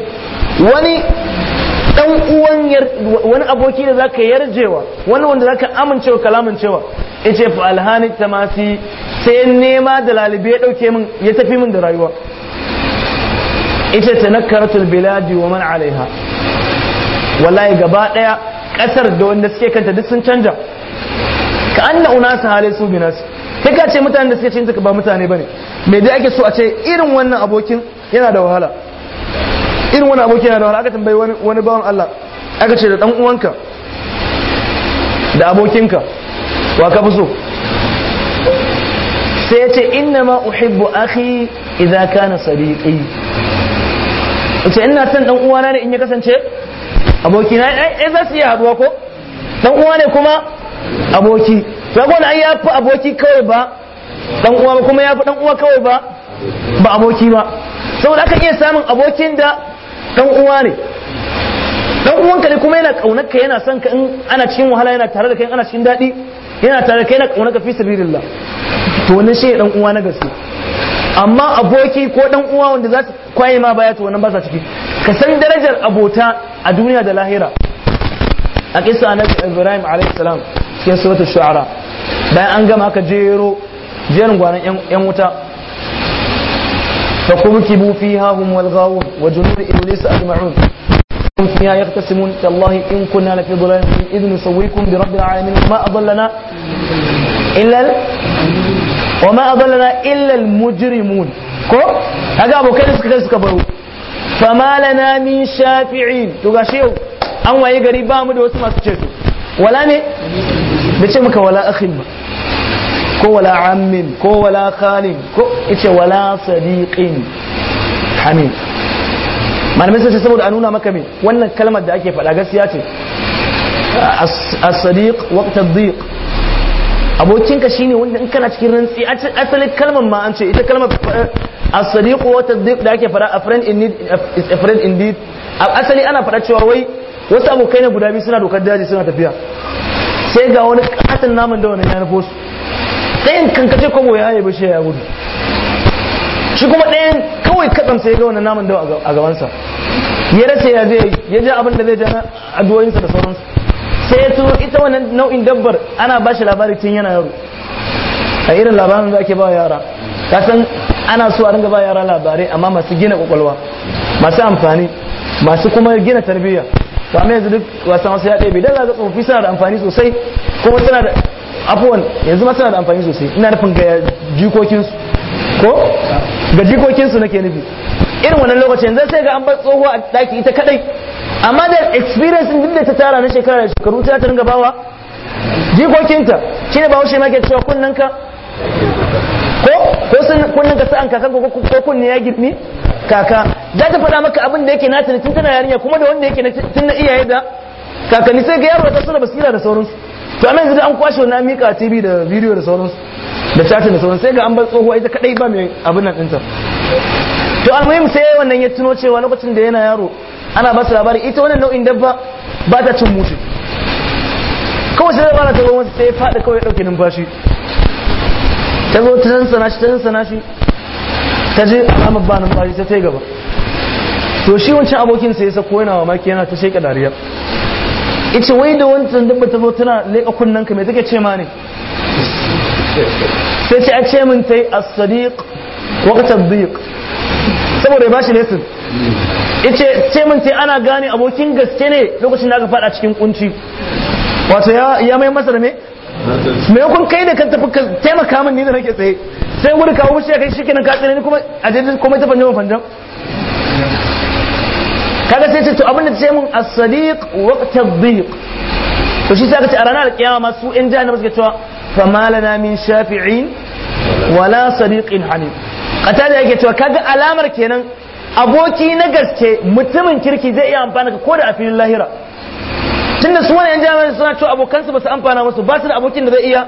wani dan uwan wani aboki da zaka yarjewa wani wanda zaka amincewa kalamin cewa ya ce fa alhani tamasi sai nema da lalibe ya dauke min ya tafi min da rayuwa na karatun biladi wa man alaiha wallahi gaba daya kasar da wanda suke kanta duk sun canja ka una su unasa su binas sai ka ce mutanen da suke ka ba mutane ba ne me dai ake so a ce irin wannan abokin yana da wahala irin wani aboki yana da wahala aka tambayi wani bawan Allah aka ce da dan uwanka da abokinka wa ka fi so sai ya ce inna ma uhibbu akhi idza kana sadiqi yace ina son dan uwana ne in ya kasance aboki na ai za su yi haduwa ko dan uwa ne kuma aboki to ga wani ya fi aboki kawai ba dan uwa ba kuma ya fi dan uwa kawai ba ba aboki ba saboda aka iya samun abokin da dan uwa ne dan uwanka ne kuma yana kaunar ka yana son ka in ana cikin wahala yana tare da kai in ana cikin daɗi yana tare kai na kauna ka fi sabilillah to wannan shi dan uwa na gaske amma aboki ko dan uwa wanda za su kwaye ma baya to wannan ba sa ciki ka san darajar abota a duniya da lahira a kisa annabi Ibrahim alayhi salam cikin suratul shu'ara bayan an gama aka jero jerin gwanan yan wuta فكركبوا فيها هم والغاوون وجنود ابليس اجمعون هم فيها يختصمون تالله ان كنا لفي ضلال مبين اذ نسويكم برب العالمين ما اضلنا illal wa ma adallana illal mujrimun ko kaga abokai da suka kai suka baro fama lana min shafi'in to gashi yau an waye gari ba mu da wasu masu ceto wala ne bai ce maka wala akhin ba ko wala ammin ko wala khalin ko ice wala sadiqin hamin. malamai mai ce saboda a nuna maka me wannan kalmar da ake faɗa gaskiya ce as-sadiq waqt ad-dhiq abokinka shine wanda in kana cikin rantsi asalin kalmar ma an ce ita kalmar eh, asadiqu wa tadiq da ake fara a friend in need is a friend indeed asali ana fara cewa wai wasu abokai ne guda biyu suna dokar daji suna tafiya sai ga wani katin naman da wannan ya nufo su ɗayan kankace kwabo ya yi shi ya gudu shi kuma ɗayan kawai katsan sai ga wannan naman da a gabansa ya rasa ya zai ya ji abin da zai ja na addu'o'insa da sauransu sai ya turo ita wannan nau'in dabbar ana ba shi labari tun yana yaro a irin labarin da ake ba yara kasan ana so a ringa ba yara labarai amma masu gina kwakwalwa masu amfani masu kuma gina tarbiyya to amma yanzu duk wasan wasu ya ɗebe dala ga tsofi suna da amfani sosai kuma suna da afuwan yanzu ma suna da amfani sosai ina nufin ga jikokinsu ko ga jikokinsu nake nufi irin wannan lokacin zai sai ga an bar tsohuwa a daki ita kadai amma da experience din da ta tara na shekara da shekaru ta ta ringa bawa jikokinta shi ne bahaushe ma ke cewa kunnen ka ko ko sun kunnen ka sa'an kakan ko ko kunni ya girmi kaka za ta faɗa maka abin da yake nata tun tana yarinya kuma da wanda yake na tun na iyaye da kakanni sai ga yaro ta sura basira da sauransu to amma yanzu da an kwashe na mika tv da bidiyo da sauransu da chatin da sauransu sai ga an bar tsohuwa ita kadai ba mai abin nan dinta to almuhim sai wannan ya tuno cewa lokacin da yana yaro ana ba su labari ita wannan nau'in dabba ba ta cin mutu kawai sai ba ta ruwan sai faɗi kawai ɗauke numfashi ta zo ta sansana shi ta sansana shi ta je alamar ba numfashi sai ta yi gaba to shi wancan abokin sai ya koyana wa maki yana ta sheƙa dariya ita wai da wancan dabba ta zo tana leƙa kunnen ka me take ce ma ne sai ce a ce min ta as-sadiq waqt biyu dhiq saboda ya bashi lesson ce ce mun sai ana gane abokin gaske ne lokacin da aka fada cikin kunci wato ya mai masa da me me kun kai da kan tafi taimaka min ni da nake tsaye sai gudu kawo shi kai shi kenan ka tsare ni kuma a jeje kuma ta fanjan fanjan kaga sai ce to abin da ce mun as-sadiq waqta ad-dhiq to shi sai ka ce a ranar alkiyama su in su ga cewa fa lana min shafi'in wala sadiqin kata da yake cewa kaga alamar kenan aboki na gaske mutumin kirki zai iya amfana ka koda a filin lahira tunda su wani yan jami'ai suna cewa abokansu ba su amfana musu ba su da abokin da zai iya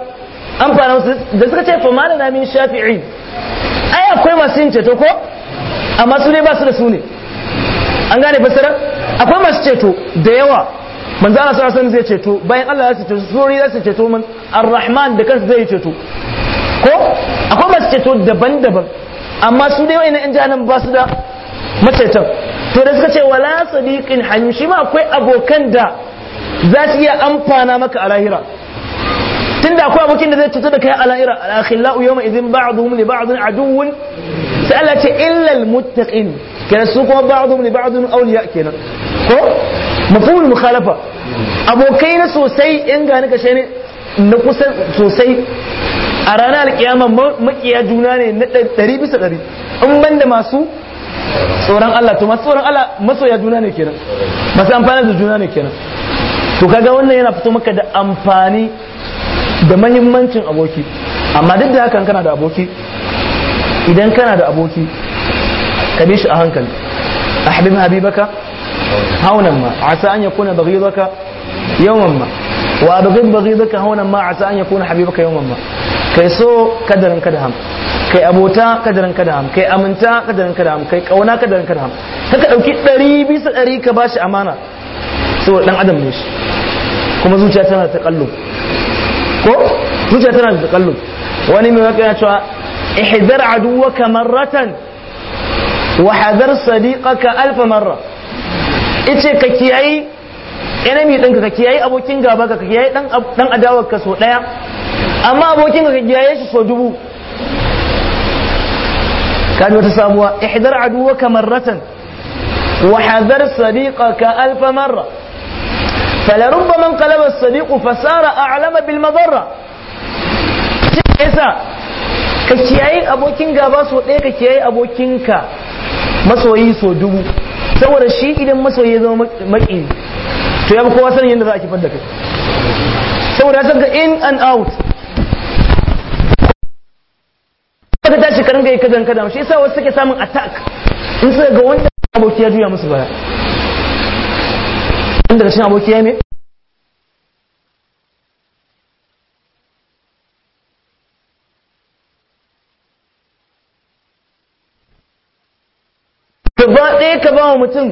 amfana musu da suka ce fa malana min shafi'i ai akwai masu yin ceto ko amma su ne ba su da su ne an gane fasara akwai masu ceto da yawa manzo Allah sallallahu alaihi zai ceto bayan Allah ya ceto suri ya ceto man arrahman rahman da kansa zai ceto ko akwai masu ceto daban-daban amma su dai wayannan yan jahannam ba su da macetan to da suka ce wala sadiqin hanyu shi ma akwai abokan da za su iya amfana maka a lahira tunda akwai abokin da zai cuta da kai a lahira al-akhillau yawma idhin ba'dhum li ba'dhin aduwwun sai Allah ce illa al-muttaqin kana su kuma ba'dhum li ba'dhin awliya kenan ko mafhumul mukhalafa abokai na sosai in ga nika shi na kusan sosai a ranar alkiyama makiya juna ne na ɗari bisa ɗari in da masu tsoron Allah to masu tsoron Allah masoya juna ne kenan masu amfani da juna ne kenan to kaga wannan yana fito maka da amfani da mahimmancin aboki amma duk da hakan kana da aboki idan kana da aboki ka bi shi a hankali ahbib habibaka haunan ma asa an kuna baghidaka yawan ma wa abghid baghidaka haunan ma asa an kuna habibaka yawan ma kai so kadarin kada ham kai abota kadaran ka da ham kai aminta kadaran ka da ham kai kauna kadaran ka da ham kaka dauki 100 bisa 100 ka bashi amana saboda dan adam ne shi kuma zuciya tana da takallu ko zuciya tana da takallu wani mai waka yana cewa ihzar aduwaka marratan wa hadar sadiqaka alf marra ice ka kiyayi enemy ɗinka ka kiyayi abokin gaba ka kiyayi dan ka so daya amma abokin ka kiyaye shi so dubu kaji wata sabuwa ihdar aduwaka marratan wa hadhar sadiqaka alf marra falarubba man qalaba as fasara a'lama bil madarra yasa ka kiyaye abokin gaba so ɗaya ka kiyaye abokinka masoyi so dubu saboda shi idan masoyi ya zama maki to ya kowa sanin yadda za a kifar da kai saboda haka in and out ka tashi ka ringa yi kadan kadan shi yasa wasu suke samun attack in suka ga wanda aboki ya juya musu baya inda daga shi aboki ya me gaba ɗaya ka ba wa mutum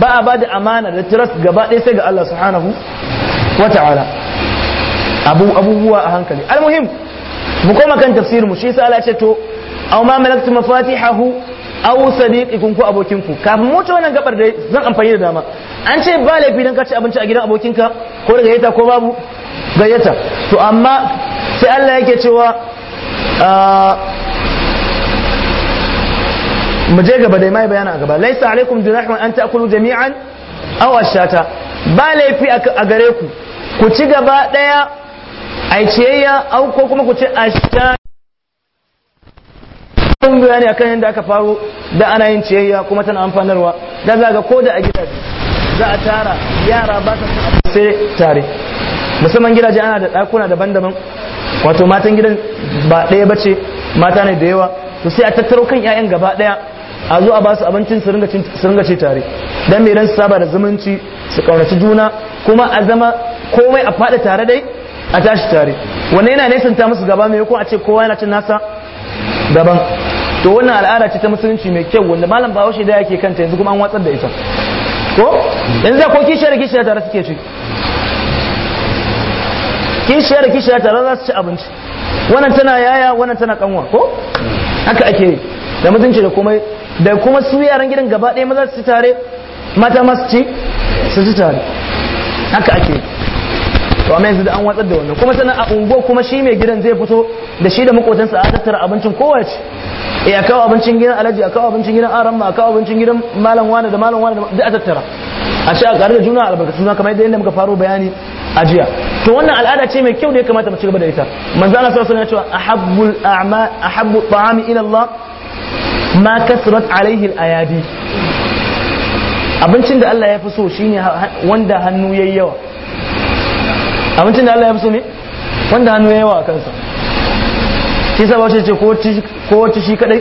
ba a ba da amana da tiras gaba ɗaya sai ga Allah subhanahu wa ta'ala abubuwa a hankali almuhim mu koma kan tafsirin mu shi yasa Allah ya ce to aw ma malaktu mafatihahu aw sadiqikum ko ku kafin mu ta wannan gabar da zan amfani da dama an ce ba laifi dan ka ci abinci a gidan abokinka ko da gayyata ko babu gayyata to amma sai Allah yake cewa ah, mu je gaba dai mai bayana a gaba laisa alaikum junahun an ta'kulu jami'an aw ashata ba laifi a gare ku ku ci gaba daya ai ciyayya au kuma ku ce sun ne ne akan yadda aka faru da ana yin ciyayya kuma tana amfanarwa da za ga ko da a gidaje za a tara yara ba ta sai tare musamman gidaje ana da dakuna daban-daban wato matan gidan ba ɗaya ba ce mata ne da yawa to sai a tattaro kan 'ya'yan gaba ɗaya a zo a ba su abincin su ringa ci tare don mai ran saba da zumunci su ƙaunaci juna kuma a zama komai a fada tare dai a tashi tare wanne yana nesanta musu gaba mai ko a ce kowa yana cin nasa daban to wannan al'ada ce ta musulunci mai kyau wanda malam bahaushe da yake kanta yanzu kuma an watsar da ita ko yanzu da ko kishiyar kishiyar tare suke ci kishiyar da kishiyar tare za su ci abinci wannan tana yaya wannan tana kanwa ko haka ake yi da mutunci da kuma da kuma su yaran gidan gaba ɗaya maza su ci tare mata ma su ci su ci tare haka ake yi to amma yanzu da an watsar da wannan kuma sannan a ungo kuma shi mai gidan zai fito da shi da makotansa a tattara abincin kowace e a kawo abincin gidan alaji a kawo abincin gidan aran ma a kawo abincin gidan malam wani da malam wani da a tattara a ce a ƙarar da juna albarkatu suna kamar yadda muka faro bayani a jiya to wannan al'ada ce mai kyau da ya kamata mu ci gaba da ita manzo Allah sallallahu alaihi wasallam ya ce ahabbul a'mal ahabbu ta'ami ila Allah ma kasrat alaihi al-ayadi abincin da Allah ya fi so shine wanda hannu yayi yawa abincin da Allah ya fi so ne wanda hannu ya yawa a kansa shi sa shi ce ko wacce shi kadai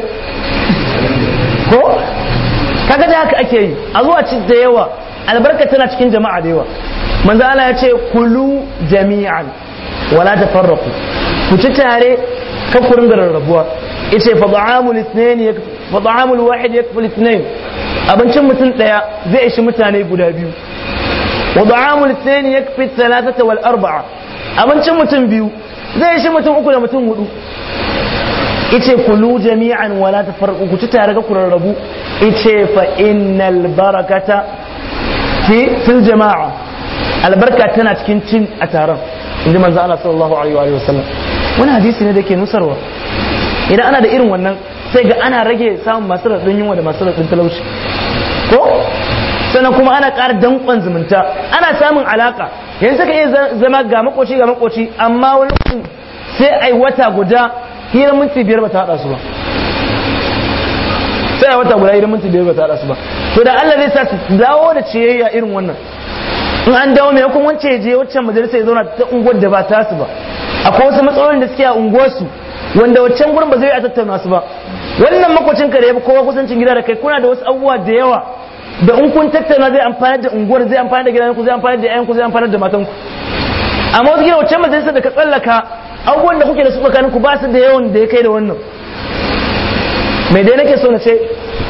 ko kaga da haka ake yi a zuwa ci da yawa albarka tana cikin jama'a da yawa manzo Allah ya ce kulu jami'an wala tafarraqu ku ci tare ka ku ringa rarrabuwa yace fa da'amul ithnain fa da'amul wahid ithnain abincin mutum daya zai ishi mutane guda biyu wa da'amul thani yakfi thalathata wal arba'a abincin mutum biyu zai shi mutum uku da mutum hudu ice kulu jami'an wala tafarqu ku tare ga kurarrabu rarrabu ice fa innal barakata fi fil jama'a albarka tana cikin cin a taron inji manzo Allah sallallahu alaihi wa sallam wani hadisi ne da ke nusarwa idan ana da irin wannan sai ga ana rage samun masu radin yunwa da masarar talauci ko sannan kuma ana ƙara danƙon zumunta ana samun alaƙa yanzu ka iya zama ga makoci ga makoci amma wani kun sai ai wata guda hira minti biyar ba ta haɗa su ba sai a wata guda hira minti biyar ba ta haɗa su ba to da Allah zai sa su dawo da ciyayya irin wannan in an dawo mai hukum wance je waccan majalisa ya zauna ta unguwar da ba ta su ba akwai wasu matsalolin da suke a unguwarsu wanda waccan gurin ba zai a tattauna su ba wannan makocin ka da ya fi kowa kusancin gida da kai kuna da wasu abubuwa da yawa da in kun tattauna zai amfana da unguwar zai amfana da gidanku zai amfana da yayanku zai amfana da matanku amma wasu gina wacce majalisa da ka tsallaka abubuwan da kuke da su ku ba su da yawan da ya kai da wannan mai dai nake so na ce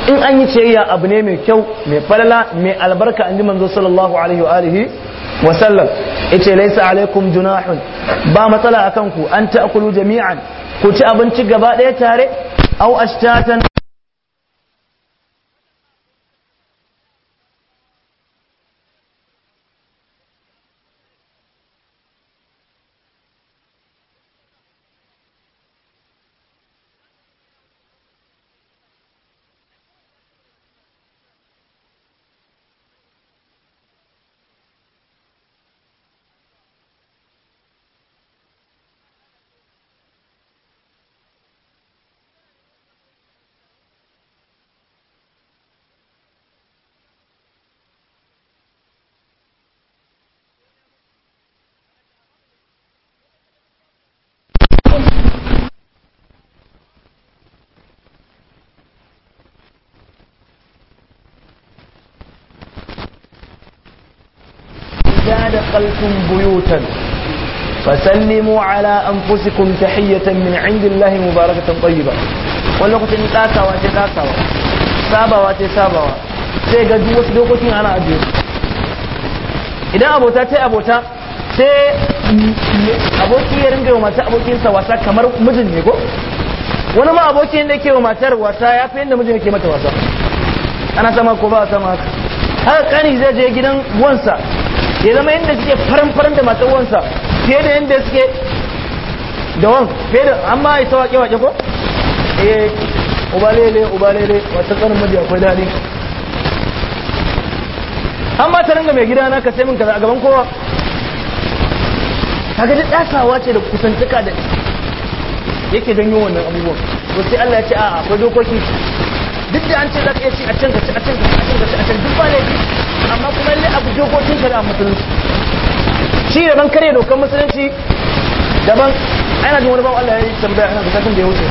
in an yi ciyayya abu ne mai kyau mai falala mai albarka an ji manzo sallallahu alaihi wa alihi wa sallam yace laysa alaikum junahun ba matsala akan ku an ta'kulu jami'an ku ci abinci gaba ɗaya tare au ashtatan دخلتم بيوتا فسلموا على أنفسكم تحية من عند الله مباركة طيبة ولقد إن تاسوا تاسوا سابوا تسابوا sai ga duk wasu dokokin ana ajiye idan abota ta abota sai aboki ya ringa wa mata abokinsa wasa kamar mijin ne ko wani ma abokin da ke wa matar wasa ya fi yadda mijin ke mata wasa ana sama ko ba a sama haka haka kani zai je gidan wansa ya zama yadda suke faran-faran da masu uwansa fiye da yadda suke da wan fiye da an ya sa wake-wake ko eh ubalele ubalele wata tsarin maji akwai daɗi amma ta ringa mai gida na ka sai min kaza a gaban kowa kaga da ɗasawa ce da kusantuka da yake janyo wannan abubuwan to sai Allah ya ce a'a akwai dokoki duk da an ce za ka iya ci a can ka ci a can ka ci a can ka ci a can duk ba laifi amma kuma lalle abu dokokin shari'a musulunci shi ban kare dokan musulunci da ban ana jin wani bawan Allah ya yi tambaya ana bukatun da ya wuce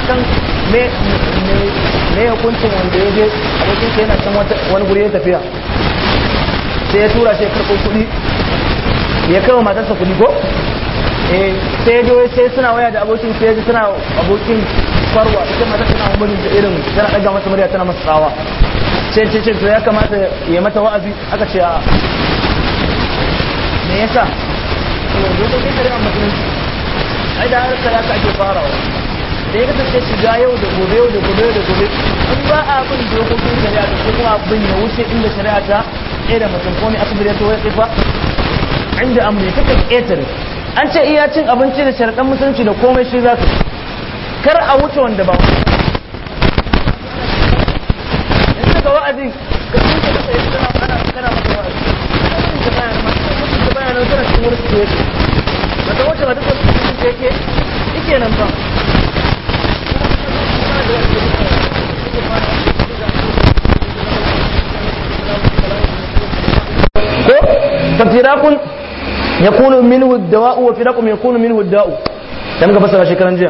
akan me me hukuncin wanda ya je abokin sa yana can wani guri ya tafiya sai ya tura shi ya karɓo kuɗi ya kawo matarsa kuɗi ko eh sai je sai suna waya da abokin sai ji suna abokin farwa ita matar tana umarin da irin tana ɗaga masa murya tana masa tsawa sai ce to ya kamata ya mata wa'azi aka ce a me yasa dokokin shari'a musulunci ai da harka ya ake farawa da ya kasance shiga yau da gobe yau da gobe yau da gobe in ba a bin dokokin shari'a da kuma abin ya wuce inda shari'a ta ɗaya da mutum ko ne asibiti ya tsohon tsifa inda amuri kakan ƙetare an ce iya cin abinci da sharaɗan musulunci da komai shi za ka kar a wuce wanda ba maka wa'azi ka sun ka masa yadda ana kana masa wa'azi ana yin da bayan ma sai mutum da bayan nan tana cikin wani ciwo yake mata wacce ba duk wani ciwo da yake yake nan ba ko tafirakun yakunu minhu ad-dawa'u wa firaqun yakunu minhu ad-da'u da muka fassara shekaran jiya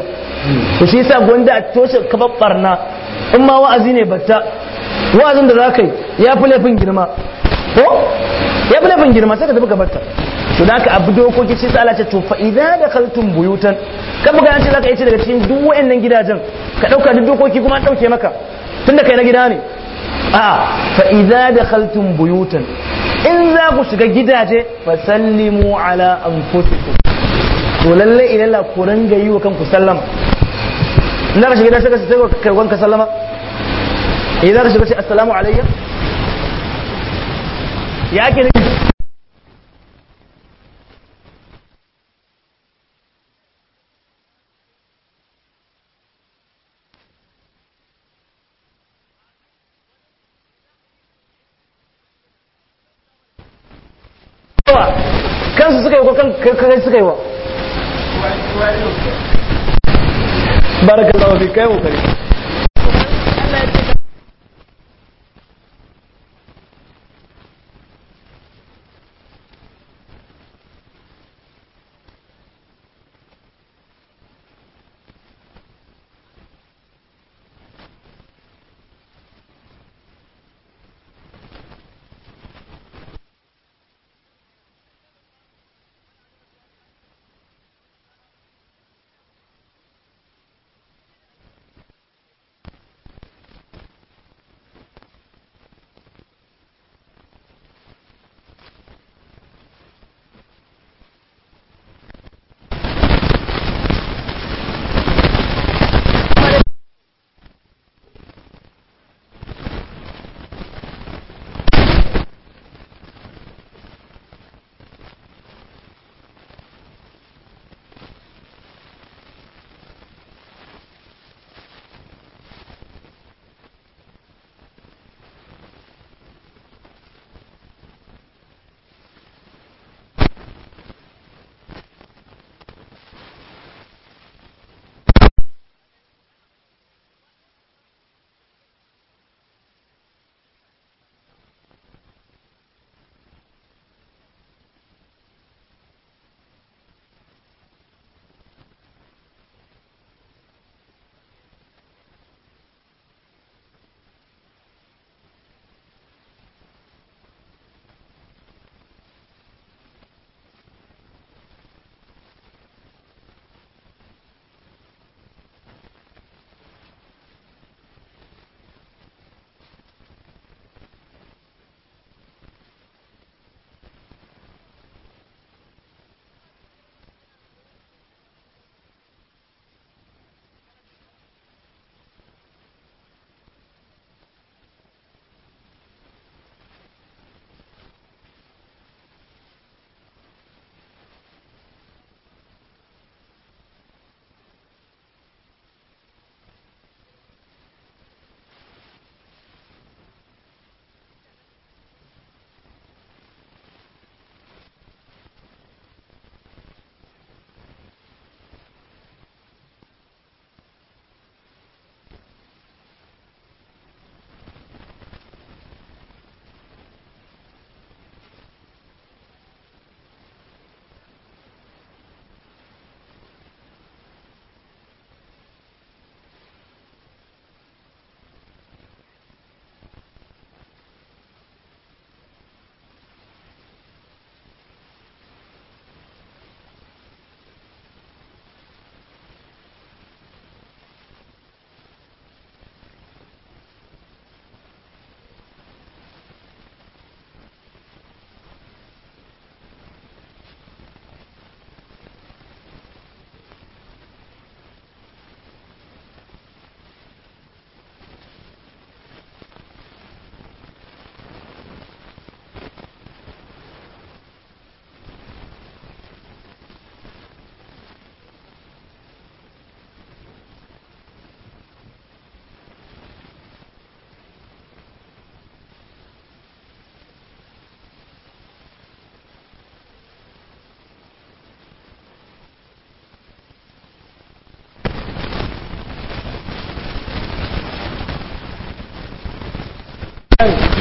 to shi yasa gwanda a toshe kabar barna in ma wa'azi ne batta wa'azin da za ka yi ya fi laifin girma ko ya fi laifin girma sai ka tafi gabata su da ka abu dokoki sai tsala ce tufa idan da kaltun buyutan ka buga yanci ka yi daga cikin duk wayannan gidajen ka dauka duk dokoki kuma an dauke maka da kai na gida ne a fa da kaltun buyutan in za ku shiga gidaje fa sallimu ala anfusikum to lalle idan la ku ranga yi wa kanku sallama in za ka shiga gidaje sai ka sallama إذا رجل السلام علي يا كريم كان سكي وكان كان سكي بارك الله فيك يا مكرم Gracias.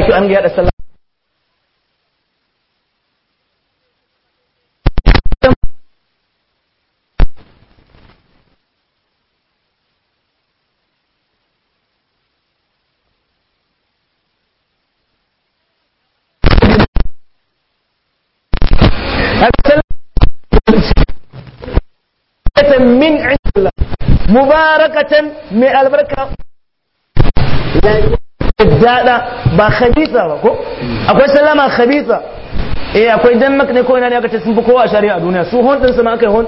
shi an sallah من عند الله مباركة من البركة لا dada ba khabitha ba ko akwai sallama khabitha eh akwai denmark ne ko ina ne aka ce sun fi kowa shari'a a duniya su hon din su ma kai hon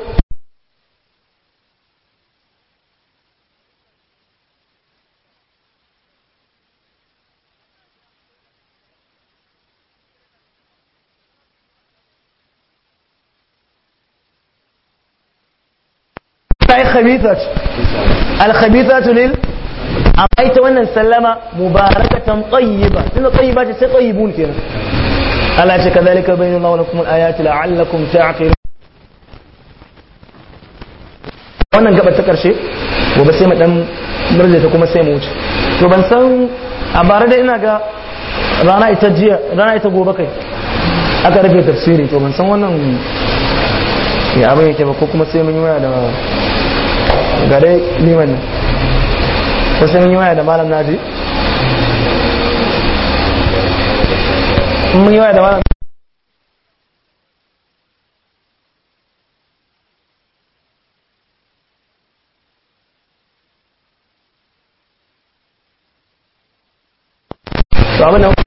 الخبيثات الخبيثات لل amma ita wannan sallama mubarakatan tayyiba tunda tayyiba ce sai tayyibun nan Allah ce kadhalika bayyana wa lakum al-ayati la'allakum ta'qilun wannan gaba ta karshe gobe sai mu dan murje ta kuma sai mu wuce to ban san a bara da ina ga rana ita jiya rana ita gobe kai aka rufe tafsiri to ban san wannan ya abin ke ba ko kuma sai mun yi waya da gare liman nan wasu mun yi waya da malam naji mun yi waya da malam abin nan